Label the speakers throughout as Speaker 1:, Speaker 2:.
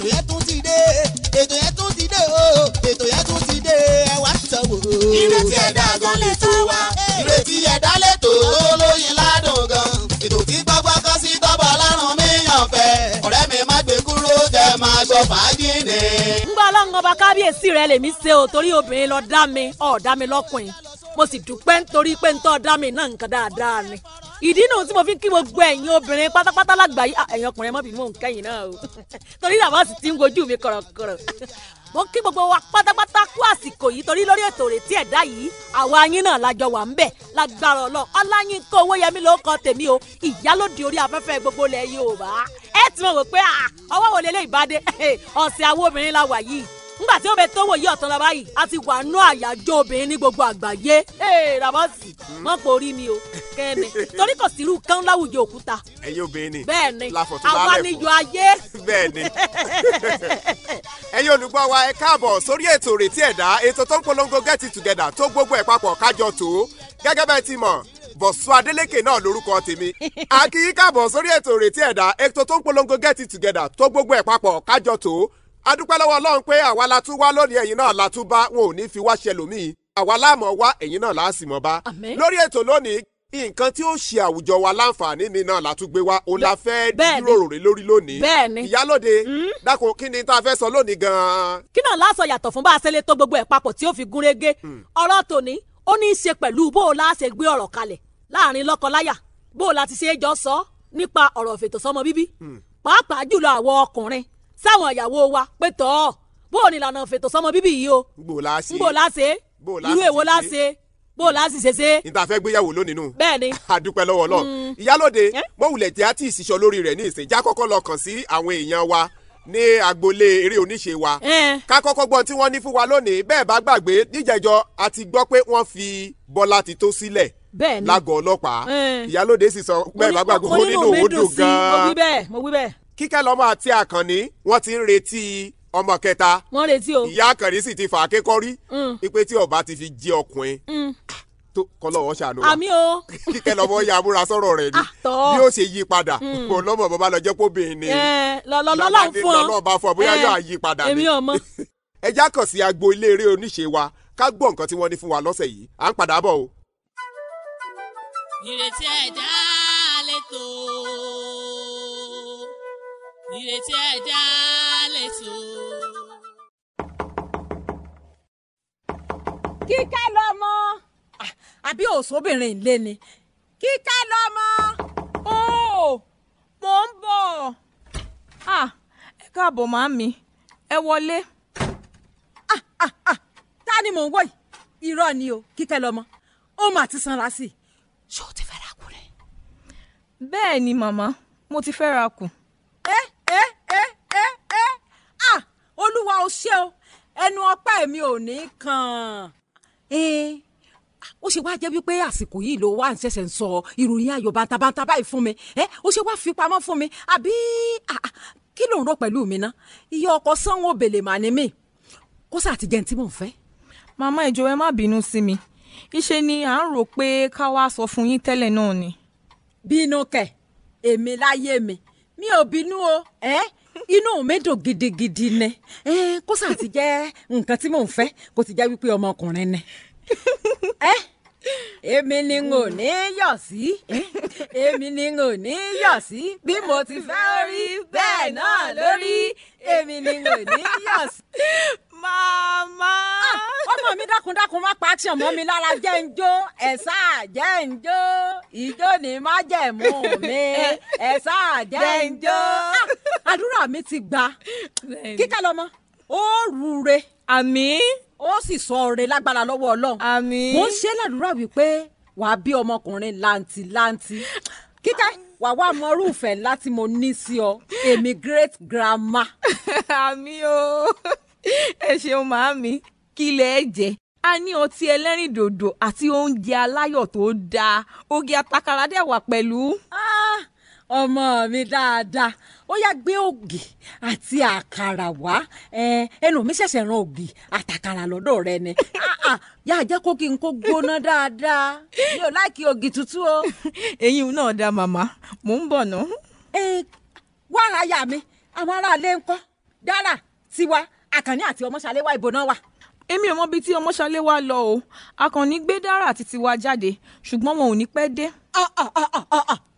Speaker 1: ètò yẹn tún ti dé ètò yẹn tún ti dé o ètò yẹn tún ti dé ẹ wá sọ wò. ìrètí ẹ̀dá gan lè sọ.
Speaker 2: kábíyèsí rẹ lèmi ṣe o torí obìnrin lọ dá mi ọ̀ dá mi lọ́kùnrin mo sì dúpẹ́ nítorí pé ń tọ́ dá mi náà nǹkan dáadáa ni ìdí nù tí mo fi ń kí gbogbo ẹ̀yin obìnrin pátápátá lágbàáyé ah, ẹ̀yin ọkùnrin mọ́bì mò ń kẹ́yìn náà o torí làwọn sì ti ń gojú mi kọ̀rọ̀kọ̀rọ̀ mo kí gbogbo wa pátápátá kú àsìkò yìí torí lórí ètò òrètí ẹ̀dá yìí àwa yín náà lájọ wà ń bẹ̀ lágbára ọlọ ọláyín kó owó yẹmí ló kọ tèmi o ìyálòdì orí afẹ́fẹ́ gbogbo ilẹ̀ Yorùbá ẹ ti mọ̀ wò pé ọwọ́ wo lélẹ́yìí bá ọ̀sẹ̀ àwọn obìnrin la wà yìí nígbà tí ó bẹ tó wò yí ọ̀tàn lọ́ba yìí a ti wà nú àyájọ́ obìnrin ní gbogbo àgbáyé ee ramọ́sì mọ́ kò rí mi o kẹ́ni torí kò sí irú kan láwùjọ òkúta. ẹ̀yin obìnrin ni bẹ́ẹ̀ni àwa níjọ ayé. bẹ́ẹ̀ni
Speaker 3: ẹ̀yin olùgbọ́ wa ẹ káàbọ̀ sórí ètò ìrètí ẹ̀dá ètò tó ń polongo get it together tó gbogbo ẹ̀ papọ̀ kájọ tó gẹ́gẹ́ bẹ́ẹ̀ ti mọ̀ bọ̀sùn adélékè náà lórúkọ tèmi àkìyí káàbọ̀ sórí ètò ìrètí ẹ̀dá ètò tó ń polongo get it together tó gbogbo ẹ̀ papọ̀ kájọ tó adúpẹ́ lọ́wọ́ ọlọ́run pé àwa la tún wá lónìí ẹ̀yin náà la tún bá wọn ò ní fi wá ṣẹlòmíì àwa láàmọ̀ wá ẹ̀yin náà láàsì mọ̀ bá. lórí ètò lónìí nǹkan tí ó ṣe àwùjọ wa láǹfààní ni náà látúgbé wa òun la fẹ́ jíròrò rè lórí lónìí. bẹ́ẹ̀ni ìyálòde hmm? dákun kí ni
Speaker 2: tá a fẹ́ sọ lónìí gan-an. kí náà láàsọ yàtọ̀ fún bá a ṣe lè tó gbogbo ẹ̀ papọ̀ tí ó fi gún régé hmm. ọ̀rọ̀ tòní ó ní í ṣe pẹ̀lú bó o láṣẹ gbé ọ̀rọ̀ kalẹ̀ láàrin lọ́kọ bó o láti ṣe é jọ sọ nípa ọ̀rọ̀ ìfètòsọ́mọ bíbí hmm. pàápàá jùlọ àwọn ọkùnrin sáwọn ìyàwó wa pé tọ́ bó o ní ìlànà fètò sọmọ bíbí yìí o ngbò láṣẹ irú èwo
Speaker 3: láṣẹ bó o láti ṣe ṣe. níta fẹ́ gbéyàwó lónìí nù. bẹ́ẹ̀ni. àdúpẹ́ lọ́wọ́ lọ. Mm. ìyálòde mọ̀wùlẹ̀ tí a ti ìṣiṣọ́ lórí rẹ̀ ní ìsìn já kọ́kọ́ lọ kàn sí àwọn èèyàn wa ní agboolé eré oníṣe wa. ká kọ́kọ́ gbọ́n tí wọ́n ní fún wa lónìí bẹ́ẹ̀ bá gbàgbé níjẹ̀jọ́ a ti gbọ́ pé wọ́n fi Bọ́lá ti tó sílẹ̀ lágọ̀ọ́ ọlọ́pàá ìyálòde sì sọ bẹ́ẹ̀ bá gbàgbé ó nínú òun gan-an kíkẹ́lọ́mọ àti àkànní wọ́n ti ń retí ọmọ kẹta wọ́n retí o ìyá àkànní sì ti fà á kékọ́rí ipe mm. tí ọba ti fi jẹ́ ọkùnrin mm. ah, tó kọlọ́wọ́ ṣàánú wa àmì o kíkẹ́lọ́mọ ya múra sọ̀rọ̀ rẹ̀ ni ah, bí ó ṣe yí padà mm. kò lọ́mọ bàbá lọ jẹ́ kó bìn ní lọ́lọ́lọ́ fún ọ lọ́lọ́ bá fún ọ bóyá yóò yí padà ni ẹ já kàn sí agbo ilé eré oníṣe wa ká gbọ́
Speaker 4: ìrètí ẹ̀dá ìrètí ẹ̀dá lè tó. kíkẹ́
Speaker 2: lọ́mọ. Ah, àbí òṣòbìnrin ìlé ni kíkẹ́ lọ́mọ. ó mò ń bọ̀. Ah, ẹ káàbọ̀ màámi ẹ wọlé. Ah, ta ni mò ń wò yìí irọ́ ni o kíkẹ́ lọ́mọ ó mà ti sanra sí i. ṣé o ti fẹ́ ra kù bẹ́ẹ̀ ni màmá mo ti fẹ́ ra olúwa o ṣé o ẹnu ọpẹ́ mi ò ní kàn án ó ṣe wáá jẹ́ wípé àsìkò yìí ló wá ń ṣẹ̀ṣẹ̀ ń sọ ìròyìn ayọ̀ bàtàbàtà báyìí fún mi ẹ́ ó ṣe wáá fi pamọ́ fún mi àbí kí ló ń rò pẹ̀lú mi ná iye ọkọ̀ sanwó bèlè mà ní mi kó sà ti jẹun tí mò ń fẹ́. màmá ìjọ ẹ má bínú sí mi ìṣe ni à ń rò pé ká wá sọ fún yín tẹ́lẹ̀ náà ni. bínú kẹ èmi láyé mi mi ò bínú o ẹ inú mi dùn gidigidi ni kó sà ti jẹ́ nǹkan tí mò ń fẹ́ kó ti jẹ́ wípé ọmọkùnrin ni èmi ni n ò ní yọ̀ sí èmi ni n ò ní yọ̀ sí bí mo ti fẹ́ rí bẹ́ẹ̀ náà lórí èmi ni n ò ní yọ̀ sí màmá. Ah, ọmọ mi dákundákun má pa action mọ́ mi lára jẹ́ ń jó ẹ̀sà jẹ́ ń jó ìjó ni má jẹ̀mú mi ẹ̀sà jẹ́ ń jó. Ah, àdúrà mi ti gbà kíkẹ́ lọ́mọ ó rure. àmín. ó sì sọ ọ̀rẹ́ lágbára lọ́wọ́ ọlọ́run. àmín. mo ń ṣe ládùúrà wípé wàá bí ọmọkùnrin làǹtìlanti kíkẹ́ wà wá mọ láti mo ní sí ọ èmi great grandma. àmì o. ẹ ṣeun màámi kí lẹ ẹ jẹ a ní ọtí ẹlẹ́rìndòdò àti oúnjẹ aláyọ̀ tó dáa oge àtàkàrà dẹ̀ wà pẹ̀lú. Ah, ọmọ mi dáadáa ó yá gbé ògì àti àkàrà wá ẹnu mi ṣẹ̀ṣẹ̀ ran ògì àtàkàrà lọ́dọ̀ rẹ ni ah, ah, yà á jẹ́ kó kí n kó gbóná dáadáa mi ò láìkí ògì tútù o. eyín náà dá màmá mò ń bọ̀ ná. wàrà ya mi àwọn aráalé ń kọ́ dára tiwa àkànní àti ọmọṣalé wá ìbò náà wà. èmi ò mọ ibi tí ọmọṣalé wá lọ o àkànní gbé dára àti tiwa jáde ṣùgbọ́n wọn ò ní pẹ́ dé.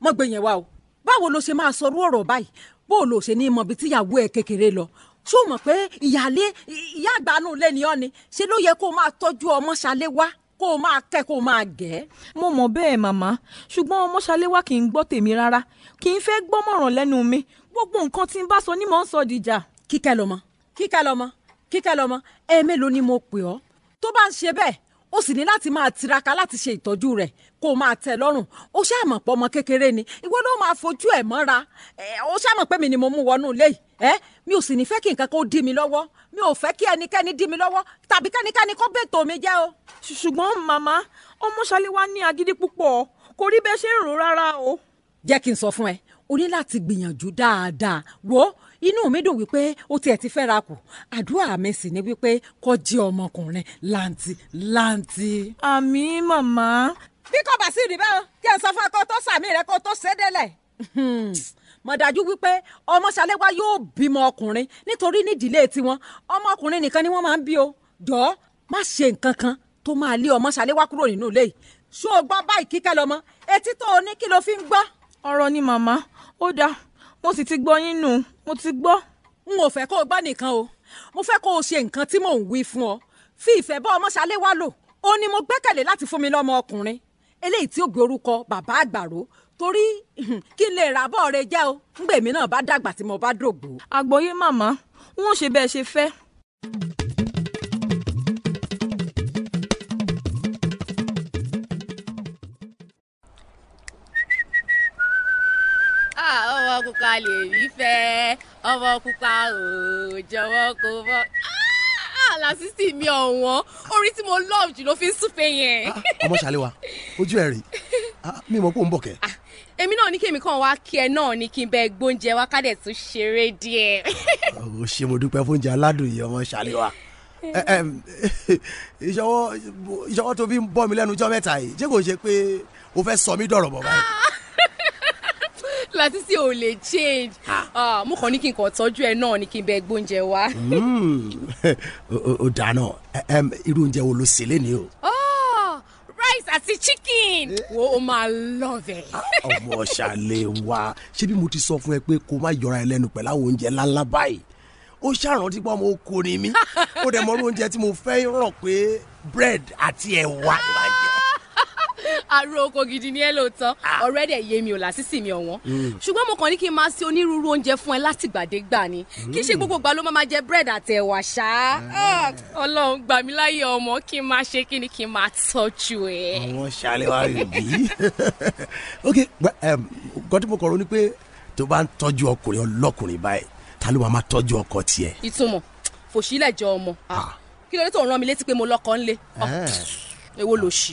Speaker 2: mo gbé yẹn wá o báwo ló ṣe máa sọrú ọ̀rọ̀ báyìí bó o lò ṣe ní mọ ibi tíyàwó ẹ̀ kékeré lọ ṣó mọ̀ pé ìyáálé ìyá àgbàánu lẹ́ni ọ́ ni ṣe ló yẹ kó o máa tọ́jú ọmọṣalé wá kó o máa kẹ́ kó o máa gẹ́. mo mọ̀ bẹ́ẹ̀ màmá ṣùgbọ́n ọmọṣaléwá kì í gbọ́ tèmi rárá kì í fẹ́ gbọ́mọ̀ràn lẹ́nu mi gbogbo nǹkan tí n bá sọ ni mò ń sọ dìjà. kíkẹ́ lọ́mọ kíkẹ́ lọ́mọ kíkẹ́ lọ́mọ ẹ̀ẹ́mélòó ni mo pè ọ́ tó bá ń ṣe bẹ́ẹ̀ o sì ní láti máa tiraka láti ṣe ìtọ́jú rẹ̀ kó o máa tẹ́ lọ́rùn o ṣáà mọ̀ pé ọmọ kékeré ni ìwọ ló máa fojú ẹ̀ mọ́ra o ṣáà mọ̀ pé mi ni mo mú wọnú ilé yìí ẹ mi ò sì ní fẹ́ kí nǹkan kó dí mi lọ́wọ́ mi ò fẹ́ kí ẹnikẹ́ni dí mi lọ́wọ́ tàbí kẹ́nikẹ́ni kó bètò mi jẹ́ o. ṣùgbọ́n màmá ọmọ ṣàlíwá ní agídí púpọ̀ kò rí bẹ́ẹ̀ ṣe ń rò rárá o. jẹ́ kí n sọ fún ẹ o ní láti gbìyànjú dáadáa wo inú mi dùn wípé ó tiẹ̀ ti fẹ́ra kù àdúrà mi sì ni wípé kó jẹ́ ọmọkùnrin Lanti, lanti. àmì màmá. bí kò bá sí rí báwọn kí ẹ sọ fún akọ tó sàmì rẹ kó tó ṣe délẹ̀. Hmm. mọ̀ dájú wípé ọmọ ṣàlẹ́wá yóò bímọ ọkùnrin nítorí nídìílé tiwọn ọmọkùnrin nìkan ni wọ́n máa ń bí o jọ̀ọ́ má ṣe nǹkan kan tó máa lé ọmọ ṣàlẹ́wá kúrò nínú ilé yìí ṣó o gbọ́ báyìí kíkẹ́ lọ́mọ etí tó o ní kí lo fi ń gbọ́. ọ̀rọ̀ ni màmá ó dáa mo sì ti gbọ́ yín nù mo ti gbọ́. n ò fẹ́ kó o gbọ́ nìkan o mo fẹ́ kó o ṣe nǹkan tí mò ń wí fún ọ fi ìfẹ́ bá ọmọ ṣalé wá lò ó ní mo gbẹ́kẹ̀lé láti fún mi lọ́mọ ọkùnrin eléyìí tí ó gbé orúkọ bàbá àgbàro torí kí n lè rà bọ́ọ̀rẹ́ jẹ́ o ńgbèmí náà bá dàgbà tí mo bá dògbò. àgbọ̀yé màmá n ó ṣe
Speaker 4: bẹ́ẹ̀ ṣe fẹ́ pupa lè rí fẹ́ ọmọ pupa ò jọ̀wọ́ kò bọ́ ah, lásìsì mi ọ̀wọ́n orin tí mo love jù ló fi ń súfẹ́ yẹn. Ah, ọmọ ṣàlẹ́wà
Speaker 5: ojú ẹ̀ rí ah, mi mọ̀ pé ó ń bọ̀ kẹ́.
Speaker 4: èmi náà ní kèmí kan wá kí ẹ náà ní kí n bẹ gbóúnjẹ wá kádẹ̀ tún ṣeré díẹ̀.
Speaker 5: o oh, ṣe mo dúpẹ́ fún oúnjẹ aládùn yìí ọmọ ṣàlẹ́wà eh, ìṣọwọ́ tó fi ń bọ́ mi lẹ́nu jọ́ mẹ́ta yìí jẹ́ kò ṣe pé o fẹ́ sọ mí dọ̀rọ̀ bọ̀ báyìí
Speaker 4: gba sísè ò lè change ah, mo kàn ní kí n kàn tọ́jú ẹ náà ni kí n bẹ gbóúnjẹ wá. ó
Speaker 5: hmm. dáná irú oúnjẹ wo ló ṣe lénìí o.
Speaker 4: Oh, rice àti chicken wo o máa love ẹ. Ah, ọmọ
Speaker 5: ṣàlẹ̀ wa ṣé bí mo ti sọ fún ẹ pé kó má yọra ẹ lẹ́nu pẹ̀lú àwọn oúnjẹ ńláńlá báyìí ó ṣàrántí pé ọmọ okòrin mi ó dẹ̀ mọ oúnjẹ tí mo fẹ́ rọ̀ pé bread àti ẹ̀wà ìbàjẹ́
Speaker 4: aró oko gidi ní ẹ lóòótọ́ ah. ọ̀rẹ́ dẹ̀ mi ò lásìsì mi ọ̀wọ́n mm. ṣùgbọ́n mo kàn ní kí n máa ṣe onírúurú oúnjẹ fún ẹ látìgbàdégbà ni mm. kí n ṣe gbogbo gbà ló máa jẹ búrẹ́dì àti ẹ̀wà ṣá eh. ọlọ́run gbà mí láyé ọmọ kí n máa ṣe kí ni kí n máa tọ́jú ẹ. àwọn ṣàlẹ̀ wa rè bí
Speaker 5: ok nǹkan mo kọ̀ ni pé tó bá ń tọ́jú ọkùnrin ọlọ́kùnrin báyìí ta ló máa tọ́jú ọkọ tiẹ̀.
Speaker 4: ìtumọ̀ fòṣílẹ̀ jọ ọmọ ah. Ah. kí ló dé tó ń rán mi létí pé mo èwo eh. ló ṣì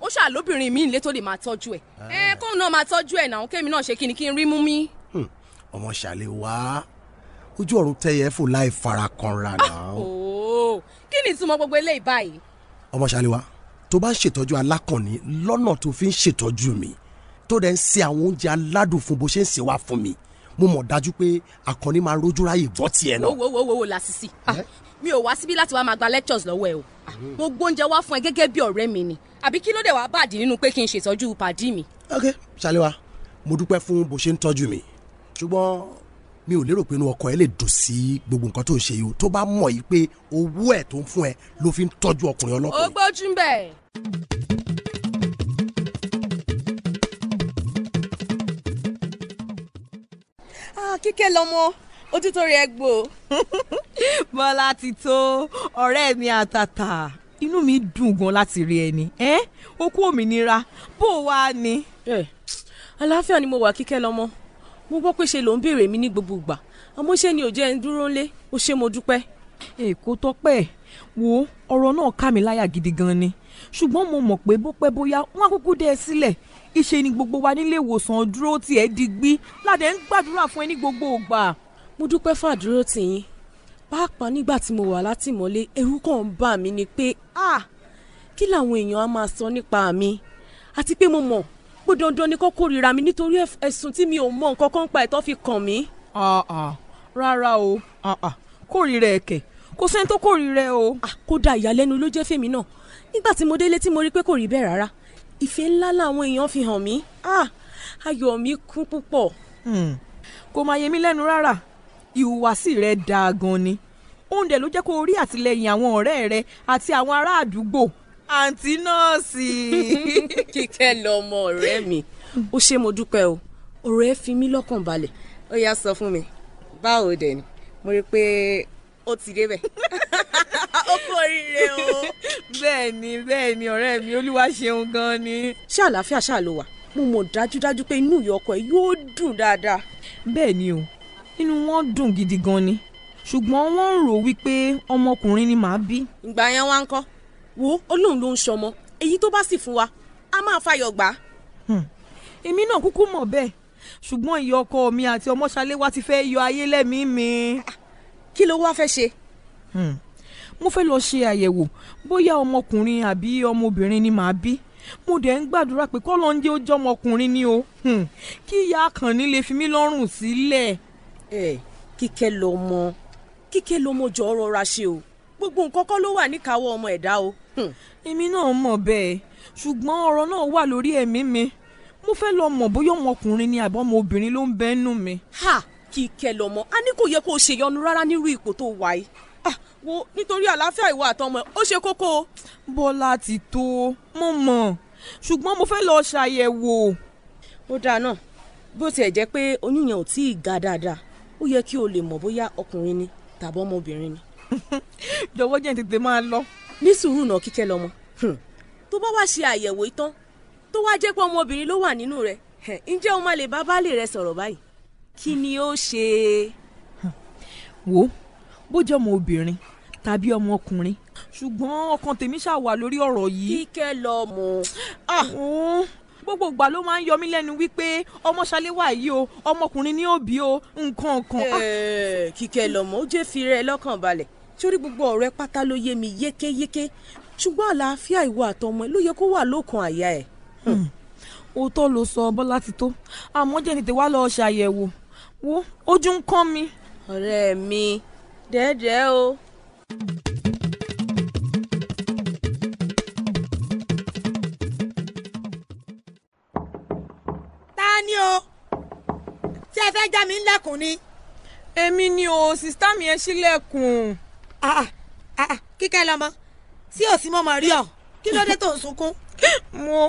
Speaker 4: ó ṣáà lóbìnrin mi nílé tó lè máa tọ́jú ẹ̀ ẹ ah. eh, kóun náà máa tọ́jú ẹ̀ náà kémi náà ṣe kíni kí n rí mú mi.
Speaker 5: Hmm, ọmọ ṣàlẹ̀ wá ojú ọ̀run tẹ́yẹ fò láì fara kanra ah, náà.
Speaker 4: Oh. kí ni ìtumọ̀ gbogbo eléyìí báyìí.
Speaker 5: ọmọ ṣàlẹ̀ wá tó bá ń ṣètọ́jú alákànní lọ́nà tó fi ń ṣètọ́jú mi tó dẹ̀ ń ṣe àwọn oúnjẹ aládùn fún bó ṣe ń ṣe wá fún mi mo mọ̀ dájú pé àkànní máa rójú ráyè gbọ́ tiẹ̀ náà.
Speaker 4: wo wo wo wo làṣìṣì ah, eh? mi ò wá síbí láti wá máa gba lectures lọ́wọ́ ẹ o ah, mhm. mo gbóúnjẹ wá fún ẹ gẹ́gẹ́ bí ọ̀rẹ́ mi ni àbí kí ló dé wàá bàdí nínú pé kí n ṣètọ́jú pàdí mi. ok
Speaker 5: ṣàlẹ́wà mo dúpẹ́ fún bó ṣe ń tọ́jú mi ṣùgbọ́n mi ò lérò pé inú ọkọ ẹ lè dùn sí gbogbo nǹkan tó ń ṣe yìí tó bá mọ̀ yìí pé owó ẹ̀ tó ń fún ẹ ló fi ń tọ́jú ọkùnrin ọlọ́kùnrin.
Speaker 4: ó gbójú ń bẹ̀.
Speaker 2: Ah, kíkẹ́ lọ́mọ ó tún tó rí ẹ gbó. bọ́lá ti tó ọ̀rẹ́ mi àtàtà inú mi dùn gan láti rí ẹni ẹ ó òmìnira bó o wá ni. ẹ aláfíà ni mo wà kíkẹ́ lọ́mọ mo gbọ́ pé ṣe ló ń béèrè mi ní gbogbo ìgbà àmọ́ ṣé ni ò jẹ́ ń dúró ńlé ó ṣe mo dúpẹ́. èkó tọ́pẹ́ wo ọ̀rọ̀ náà ká mi láyà gidi gan ni ṣùgbọ́n mo mọ̀ pé bó pẹ́ bóyá wọ́n á kúkú dé ẹ sílẹ̀ ìṣe ni gbogbo wa nílé ìwòsàn dúró tiẹ̀ digbí ládẹ́ ń gbàdúrà fún ẹ ní gbogbo ìgbà mo dúpẹ́ fàdúró tìyín pàápàá nígbà tí mo wà látìmọ́lé ẹ̀rù kàn ń bà mí ni pé ah kí làwọn èèyàn á máa sọ nípa mi àti pé mo mọ̀ pé dandan ni kó kórìíra mi nítorí ẹ̀sùn tí mi ò mọ nǹkan kan pa ẹ̀tọ́ fi kàn mí. Ah, ah. rárá o ah, kórìíra ẹ̀kẹ́ kò sẹ́ni tó kórìíra ẹ o. kódà ìyàlẹ́nu ló jẹ́ fèmi náà nígbà tí mo délé tí mo rí pé kò rí bẹ́ẹ̀ rárá ìfẹ́ ńlá làwọn èèyàn fi hàn mí ayọ̀ mi kún púpọ̀. Hmm. kò máa yẹ mí lẹ́nu rárá ìhùwàsí rẹ̀ dáa gan ni òun dẹ̀ ló jẹ́ kó rí àtìlẹyìn àwọn ọ̀rẹ́ rẹ̀ àti àwọn ará àdúgbò
Speaker 4: àǹtí nọ́ọ̀sì. kíkẹ́ lọmọ ọ̀rẹ́ mi
Speaker 2: ó ṣe mo dúpẹ́ o ọ̀rọ̀ ẹ fi mí lọ́kàn balẹ̀ ó yá sọ fún mi báwo dẹ̀ ni mo rí i pé ó ti débẹ̀ ó kú oríire o. bẹ́ẹ̀ ni bẹ́ẹ̀ ni ọ̀rẹ́ mi olúwa ṣeun gan ni. ṣé àlàáfíà ṣáà ló wà mo mọ̀ dájúdájú pé inú ìyọkọ̀ yóò dùn dáadáa. bẹ́ẹ̀ ni o inú wọn dùn gidi gan ni ṣùgbọ́n wọ́n ń rò wípé ọmọkùnrin ni màá bí. ìgbà yẹn wá ń kọ́ wo olóhùn ló ń ṣọmọ èyí tó bá sì fún wa a máa fàyọ̀ gbà. Hmm. èmi náà kúkú mọ̀ bẹ́ẹ̀ ṣùgbọ́n ìyá ọkọ mi àti ọmọṣalé wa ti fẹ́ yọ ayé lẹ́mìí mi. Ah, kí ló wá fẹ́ ṣe. Hmm. mo fẹ́ lọ ṣe àyẹ̀wò bóyá ọmọkùnrin àbí ọmọbìnrin ni màá bí mo dẹ̀ ń gbàdúrà pé kọ́ ló ń jẹ́ ni o hmm. kí ìyá àkànní lè fi mí lọ́rùn sílẹ̀. Si ẹ kíkẹ́ lọmọ kíkẹ́ lọmọ jọ rọra ṣe o gbogbo nǹkan kọ́ ló wà níkàáwọ́ ọmọ ẹ̀dá o. Hmm. èmi náà mọ̀ bẹ́ẹ̀ ṣùgbọ́n ọ̀rọ̀ náà wà lórí ẹ̀mí mi mo fẹ́ lọ mọ̀ bóyá ọmọkùnrin ni àbọ̀ ọmọbìnrin ló ń bẹ́ nù mi. ha kíkẹ́ lọmọ a ní kò yẹ kó o ṣèyọnu rárá nírú ipò tó wà yìí ah wo nítorí àlàáfíà ìwà àtọmọ ó ṣe kókó o. bọ́lá ti tó mo mọ̀ ṣùgbọ́n mo fẹ́ lọ ṣàyẹ̀wò. ó dáa náà bó tiẹ̀ jẹ́ pé oyún yẹn ò tíì ga dáadáa ó yẹ kí o lè mọ̀ bóyá ọkùnrin ni tàbí ọmọbìnrin ni. jọ̀wọ́ jẹ́ tètè máa lọ. ní sùúrù náà kíkẹ́ lọ́mọ hmm. tó bá wá ṣe àyẹ̀wò ìtàn tó wá jẹ́ pé ọmọbìnrin ló wà nínú rẹ̀ ǹjẹ́ o máa lè bá baálé rẹ sọ̀rọ̀ báyìí kí ni ó ṣe. Hmm. wo bó jẹ́ ọmọ obìnrin tàbí ọmọ ọkùnrin ṣùgbọ́n ọkàn tèmi ṣàwà lórí ọ̀rọ̀ yìí. kíkẹ́ lọ́mọ. Ah! Hmm gbogbo ìgbà ló máa ń yọ mí lẹ́nu wípé ọmọ ṣaléwà yìí o ọmọkùnrin ní òbí o nǹkan kan. Ah! Eh, kíkẹ́ lọ́mọ ó jẹ́ fi rẹ̀ lọ́kàn balẹ̀ torí gbogbo ọ̀rẹ́ pátá ló yé mi yékéyéké ṣùgbọ́n àlàáfíà ìwọ àtọmọ ẹ ló yẹ kó wà lókàn àyà ẹ̀. Hmm. òótọ́ ló sọ bọ́lá ti tó àmọ́ jẹ́ tètè wá lọ ṣàyẹ̀wò wo ojú ń kán mi. ọ̀rẹ́ mi
Speaker 6: dẹ́ẹ̀dẹ́ o.
Speaker 2: fẹ́ já mi ńlẹ̀kùn ni. èmi ni o sista mi ẹ sílẹ̀kùn. Ah, ah, ah, kíkẹ́ lọ́mọ tí ò sí mọ́ mọ̀ rí ọ kí ló dé tó
Speaker 6: ń sunkún. mo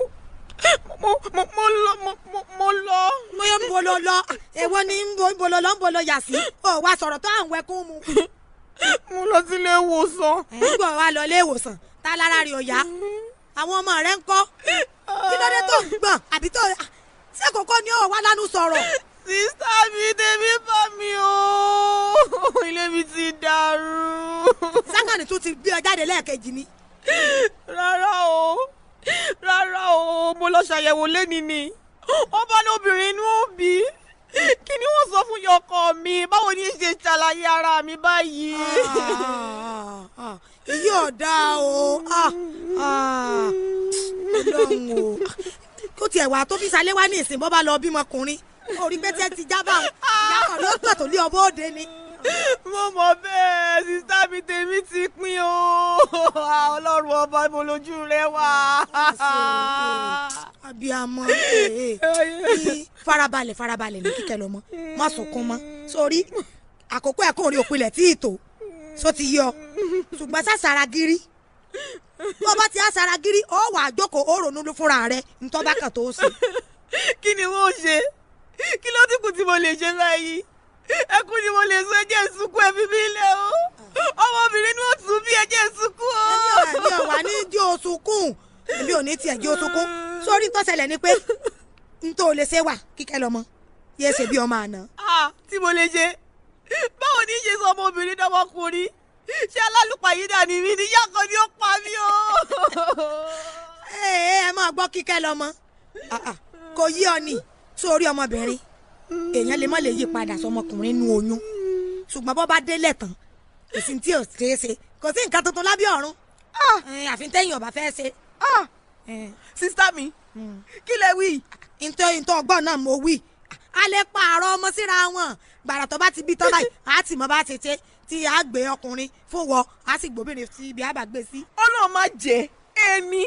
Speaker 6: mo mo mo lọ mo mo mo lọ. mo yọ mo lọ lọ èwo ni mo lọ lọ mo lọ yà sí ọ wa sọ̀rọ̀ tó à ń wẹkún mu. mo lọ sí ilé ìwòsàn. ẹ̀ ń gbọ́ wa lọ ilé ìwòsàn tá a lára rẹ̀ ò yá àwọn ọmọ rẹ̀ ń kọ́ kí ló dé tó ń gbọ̀n àbí tó ṣé kókó ni ó wà lánàá
Speaker 1: sọ̀rọ̀ sísá mi tèmi bá mi o ilé mi ti dàrú. sákàní tún ti gbé ọ jáde lẹ́ẹ̀kejì ni. rárá o rárá o mo lọ ṣàyẹ̀wò lẹ́nìí ni wọ́n bá lóbìnrin inú òbí kí ni wọ́n sọ fún yọkọ mi báwo ni ṣe ṣàlàyé ara mi báyìí. iye ah,
Speaker 6: ah, ah. ọ̀dà o ọlọ́run o kó tiẹ̀ wà tó fi ṣalé wá ní ìsìn bọ́ bá lọ bímọkùnrin orí gbẹ́tẹ́ ti jábà ìyàtọ̀ ló gbà tó lé ọmọ òde ni. mo mọ bẹ́ẹ̀
Speaker 1: sísá mi tèmi ti pín o ọlọ́run ọba mo lójú rẹ wá.
Speaker 6: abiyamọ farabalẹ̀ farabalẹ̀ ní kíkẹ́ lọ́mọ má sunkún mọ́ sórí àkókò ẹ̀kọ́ orí òpilẹ̀ tí ì tó so ti yọ ṣùgbọ́n sàṣàrà gírí bó bá ti á sara gírí ó wàá jókòó ó ronú fúnra rẹ̀ ntọ́ bá kàn tó ṣe. kí ni wọ́n ṣe
Speaker 1: tí mo lè ṣe báyìí ẹkún ni mo lè sọ ẹ jẹ́ ìsunkún ẹbí mi lẹ̀ o ọmọbìnrin ni ó tún bí ẹ jẹ́ o. èmi ò wá ní
Speaker 6: jí o sunkún èmi ò ní tiẹ̀ jí o sunkún sórí tó ṣẹlẹ̀ ni pé n tó lè ṣe wà kíkẹ́ lọ́mọ yẹ ṣe bí ọmọ àná.
Speaker 1: tí mo lè ṣe báwo ni ṣe sọ ọmọbìnrin dọmọkùnrin
Speaker 6: ṣé alálùpàyídà ni mi ní yàgò ni ó pa mí o. ẹ ẹ máa gbọ́ kíkẹ́ lọ́mọ kò yí ọ ni sórí ọmọbìnrin èèyàn lè má lè yí padà sọmọkùnrin nu oyún ṣùgbọ́n bọ́ bá délẹ̀ tán èsì tí ò ṣeé ṣe kò sí nǹkan tuntun lábẹ́ ọ̀run ah. eh, àfi tẹ́yìn ọ̀bà fẹ́ ṣe. Ah. Eh. sísá mi hmm. kí lẹ wí. ntọ́ ntọ́ ọgbọ́n náà mo wí a pààrọ̀ ọmọ síra wọn gbàrà tó bá ti bí tọ́lá yìí a ti bá ti ṣe tí a gbé ọkùnrin fún wọ a sì gbóbìnrin sí ibi àbàgbé sí. ọlọ́run máa jẹ èmi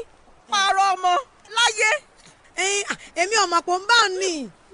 Speaker 6: pààrọ̀ ọmọ láyé. Eh, ah, èmi ọmọ kò ń bá ọ nìyí.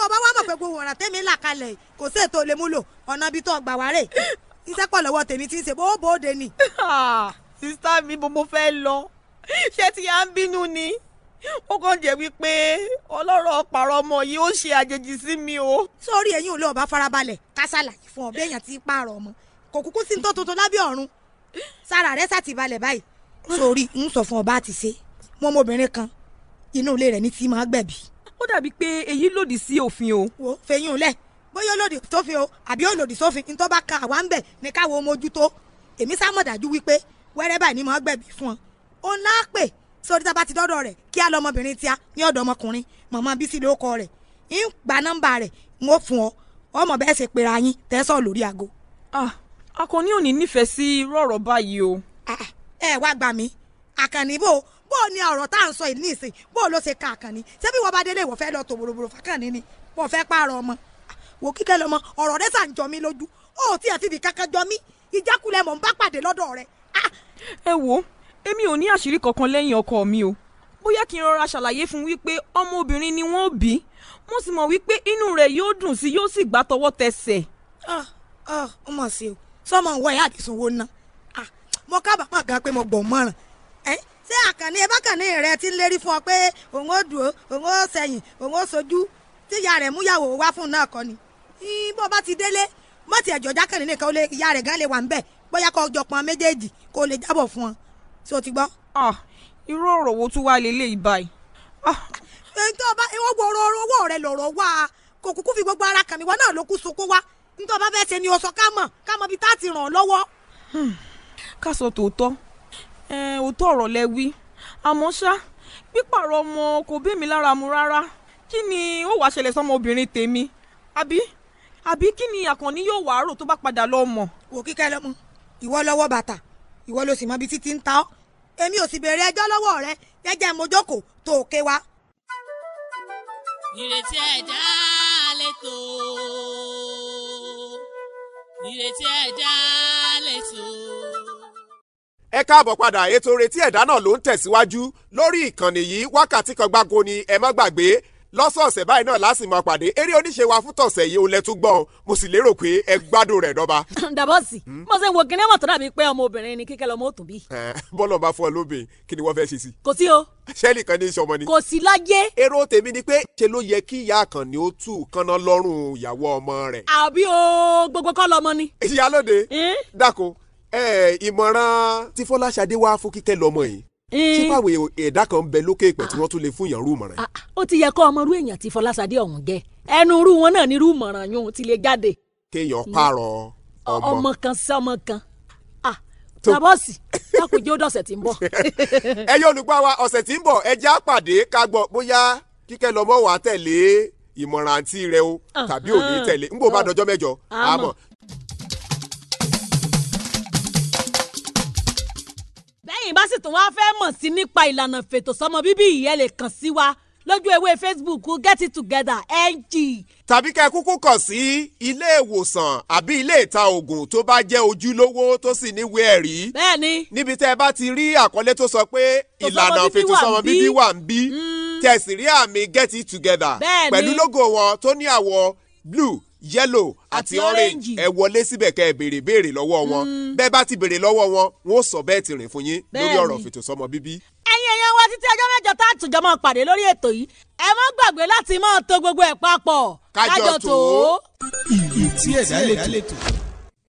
Speaker 6: bó o bá wá mọ̀ pé gbogbo ọ̀ràn tèmi là kalẹ̀ kò sí ètò olè múlò ọ̀nà ibi tó gbà wárè iṣẹ́ pọ̀ lọ́wọ́ tèmi ti ń ṣe bó bóde ni. sísá mi bó mo fẹ́ lọ ṣé ti à ń bínú ni ó kàn jẹ́ wípé ọlọ́rọ̀ pààrọ̀ ọmọ yìí ó ṣe àjèjì sí mi o. sórí ẹ̀yin ò lè ọba farabalẹ̀ kásálà fún ọbẹ̀ èèyàn ti pààrọ̀ ọmọ kò kúkú sí tó tuntun lábẹ́ ọ̀run sára rẹ̀ sàtìbalẹ̀ báyìí sórí ń sọ fún ọba àti ṣe mọ́mọ́bìnrin kan inú ilé rẹ̀ ní tí máa gbẹ̀bí ó dàbí pé èyí lòdì sí òfin o. wo fẹ̀yìn olẹ̀ bóyá olòdì sófin o àbí olòdì sófin ní tó bá ka àwa ń bẹ̀ ní káwọ́ mójútó èmi sámọ̀ dájú wípé wẹ́rẹ́ báyìí ni mo gbẹ̀bí fún ọ òun náà pè sórí tá a bá ti dọ́dọ̀ rẹ̀ kí á lọ́mọbìnrin tíá ní ọ̀dọ̀ ọmọkùnrin màmá bísí ló kọ rẹ̀ ń gba nọ́mbà rẹ̀ ń ó fún ọ ọmọ bẹ́ẹ̀ ṣe pera yín tẹ́sán lórí aago. akọni ò ní nífẹ̀ẹ́ sí rọ̀rọ̀ báyìí o. Ah, ah, ẹ wá gbà mí àkànníbò wọ́n ni ọ̀rọ̀ tá à ń sọ yìí nísìn bó ló ṣe ka àkànní ṣé bí wọ́n bá délé fẹ́ lọ ni wọ́n fẹ́ pààrọ̀ ọmọ wò kíkẹ́ lọmọ ọ̀rọ̀ rẹ sàn jọ mí lójú ó ẹ̀ ti kankan jọ ìjákulẹ̀ mọ̀ pàdé lọ́dọ̀ rẹ. Ah! ẹ wo èmi ò ní
Speaker 2: àṣírí kankan lẹ́yìn ọkọ mi o bóyá kí n rọra ṣàlàyé fún wípé mọ̀
Speaker 6: wípé ṣé àkànní ẹ bá ní rẹ ti ń lérí fún ọ pé òun ó dùn òun ó sẹyìn òun ó sojú tí ìyá rẹ múyàwó wá fún náà kọ́ ni bó bá ti délé ẹjọ jákànní nìkan ó ìyá rẹ lè wà bóyá kó jọ pọn méjèèjì kó fún ọ ṣé o ti gbọ́. irú ọ̀rọ̀ wo tún wá lélẹ̀ yìí báyìí. o bá ìwọ ọ̀rọ̀ rẹ lọ̀rọ̀ wá kò fi gbogbo ara náà ló kú sunkún wá bá fẹ́ ṣe ni ká mọ̀ ká mọ̀ ràn ọ́ lọ́wọ́.
Speaker 2: Hmm. ká sọ tòótọ́ Eh, òótọ́ ọ̀rọ̀ lẹ wí àmọ́ ṣá pípààrọ̀ ọmọ kò bí mi lára mu rárá kí ni ó wàá ṣẹlẹ̀ sọmọbìnrin tèmi
Speaker 6: àbí àbí kí ni àkànní yóò wàá rò tó bá padà lọ mọ̀. wò kíkẹ́ lọ́mọ ìwọ lọ́wọ́ bàtà ìwọ ló sì mọ ibi títí ń ta ọ́ èmi ò sì béèrè ẹjọ́ lọ́wọ́ rẹ jẹ́jẹ́ mo tó o ké wa.
Speaker 4: ìrètí ẹ̀dá lè tó ìrètí ẹ̀dá lè tó
Speaker 3: ẹ káàbọ̀ padà ètò retí ẹ̀dá náà ló ń tẹ̀síwájú lórí ìkànnì yìí wákàtí kan gbáko ni ẹ má gbàgbé lọ́sọ̀ọ̀sẹ̀ báyìí náà láti máa pàdé eré oníṣe wa fún tọ̀sẹ̀ yìí olè tún gbọ́n mo sì lérò pé ẹ gbádùn rẹ̀ dọ́ba.
Speaker 2: dàbọ̀sì hmm? mo ṣe ń wo kíní mọ̀tò dàbí pé ọmọbìnrin ni kíkẹ́ lọ́mọ òtún bí.
Speaker 3: bọ́lọ̀ bá fún ọ lóbìn kí ni wọ́n fẹ́ ṣe sí. kò sí o. sẹ́ẹ̀lì kan ní í sọmọ ni. kò sí láyé. èrò tèmi ni pé ṣe ló yẹ kí ìyá kan ni ó tù kánná lọ́rùn ìyàwó ẹ ìmọ̀ràn tí fọláṣadé wá fún kíkẹ́ lọ́mọ yìí ṣé báwo ẹ̀dá kan bẹ lókè ìpẹ́ tí wọ́n tún lè fún èèyàn rú ìmọ̀ràn ah, ah,
Speaker 2: ó ti yẹ kó ọmọ èèyàn tí fọláṣadé ọ̀hún ẹnu rú wọn náà ni rú ìmọ̀ràn yóò ti jáde.
Speaker 3: kéèyàn ọmọ ọmọ
Speaker 2: kan sí ọmọ kan ah, lákòjé ó dọ̀sẹ̀ tí ń bọ̀. ẹ ọ̀sẹ̀ tí ń bọ̀ ẹ
Speaker 3: jẹ́ àpàdé ká
Speaker 2: tẹ́yìn bá sì tún wá fẹ́ mọ̀ sí nípa ìlànà fètò sọmọ bíbí ìyẹn lè kàn sí wa lójú ewé facebook get it together ng. tàbí kẹ́ ẹ
Speaker 3: kúkú kàn sí ilé ìwòsàn àbí ilé ìta oògùn tó bá jẹ́ ojúlówó tó sì níwèé ẹ̀rí. bẹ́ẹ̀ni. níbi tẹ́ ẹ bá ti rí àkọlé tó sọ pé ìlànà fètò sọmọ bíbí wà ń bí mm. tẹ́ sì rí àmì get it together. bẹ́ẹ̀ni pẹ̀lú lógo wọn tó ní àwọ̀ blue yellow àti orange ẹ wọlé síbẹ̀ kẹ́ ẹ béèrè béèrè lọ́wọ́ wọn mm. bẹ́ẹ̀ bá ti béèrè lọ́wọ́ wọn wọn ò sọ bẹ́ẹ̀ ti rìn fún yín lórí ọ̀rọ̀ fètò sọmọ bíbí.
Speaker 2: ẹ̀yin èèyàn wa títí ọjọ́ mẹ́jọ tá a tún jọ máa pàdé lórí ètò yìí ẹ má gbàgbé láti máa to gbogbo ẹ̀ papọ̀ kájọ tó.
Speaker 3: ìrètí ẹ̀dá tó.